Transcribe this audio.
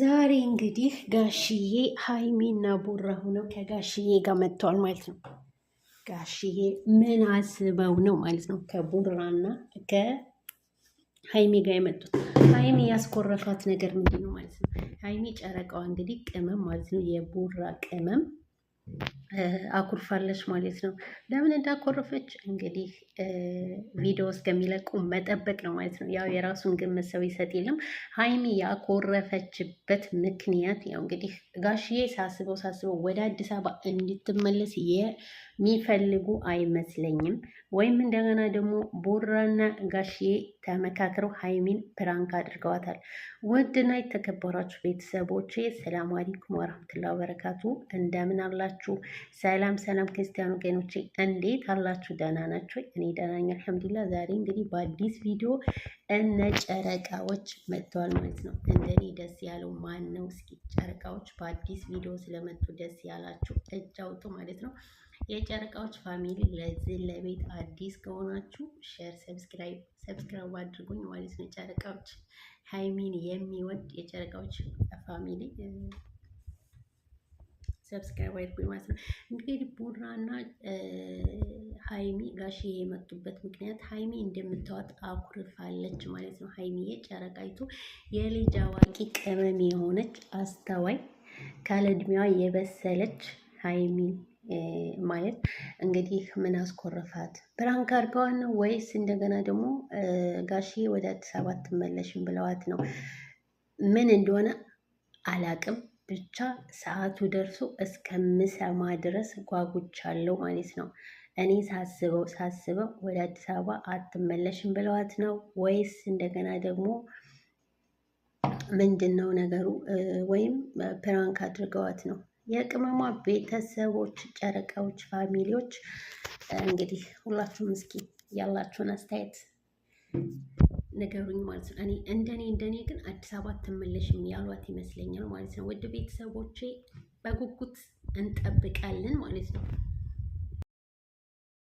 ዛሬ እንግዲህ ጋሽዬ ሀይሚና ቡራ ሆነው ከጋሽዬ ጋር መጥተዋል ማለት ነው። ጋሽዬ ምን አስበው ነው ማለት ነው ከቡራና ከሀይሚ ጋር የመጡት? ሀይሚ ያስኮረፋት ነገር ምንድን ነው ማለት ነው? ሀይሚ ጨረቃዋ እንግዲህ ቅመም ማለት ነው የቡራ ቅመም አኩርፋለች ማለት ነው። ለምን እንዳኮረፈች እንግዲህ ቪዲዮ እስከሚለቁ መጠበቅ ነው ማለት ነው። ያው የራሱን ግምት ሰው ይሰጥ የለም። ሀይሚ ያኮረፈችበት ምክንያት ያው እንግዲህ ጋሽዬ ሳስበው ሳስበው ወደ አዲስ አበባ እንድትመለስ የሚፈልጉ አይመስለኝም። ወይም እንደገና ደግሞ ቦራና ጋሽዬ ተመካክረው ሀይሚን ፕራንክ አድርገዋታል። ውድና የተከበሯችሁ ቤተሰቦች ሰላም አለይኩም ወራህመቱላ በረካቱ፣ እንደምን አላችሁ? ሰላም ሰላም፣ ክርስቲያኑ ወገኖቼ እንዴት አላችሁ? ደህና ናችሁ? እኔ ደህና ነኝ ዛሬ እንግዲህ በአዲስ ቪዲዮ እነ ጨረቃዎች መጥተዋል ማለት ነው። እንደኔ ደስ ያለው ማን ነው? እስኪ ጨረቃዎች በአዲስ ቪዲዮ ስለመጡ ደስ ያላችሁ እጅ አውጡ ማለት ነው። የጨረቃዎች ፋሚሊ ለዚህ ለቤት አዲስ ከሆናችሁ ሼር፣ ሰብስክራይብ ሰብስክራይብ አድርጉኝ ማለት ነው። ጨረቃዎች ሃይሚን የሚወድ የጨረቃዎች ፋሚሊ ሰብስክራይብ አድርጉኝ ማለት ነው። እንግዲህ ቡራና ሀይሚ ጋሽ የመጡበት ምክንያት ሀይሚ እንደምታወጥ አኩርፋለች ማለት ነው። ሃይሚ የጨረቃይቱ የልጅ አዋቂ ቅመም የሆነች አስተዋይ ካለ እድሜዋ የበሰለች ሃይሚ ማለት እንግዲህ ምን አስኮረፋት? ፕራንክ አድርገዋት ነው ወይስ እንደገና ደግሞ ጋሼ ወደ አዲስ አበባ አትመለሽም ብለዋት ነው? ምን እንደሆነ አላቅም። ብቻ ሰዓቱ ደርሶ እስከምሰማ ድረስ ጓጉቻለሁ ማለት ነው። እኔ ሳስበው ሳስበው ወደ አዲስ አበባ አትመለሽም ብለዋት ነው ወይስ እንደገና ደግሞ ምንድን ነው ነገሩ? ወይም ፕራንክ አድርገዋት ነው? የቅመሟ ቤተሰቦች፣ ጨረቃዎች፣ ፋሚሊዎች እንግዲህ ሁላችሁም እስኪ ያላችሁን አስተያየት ነገሩኝ ማለት ነው። እኔ እንደኔ እንደኔ ግን አዲስ አበባ ትመለሽም ያሏት ይመስለኛል ማለት ነው። ውድ ቤተሰቦቼ በጉጉት እንጠብቃለን ማለት ነው።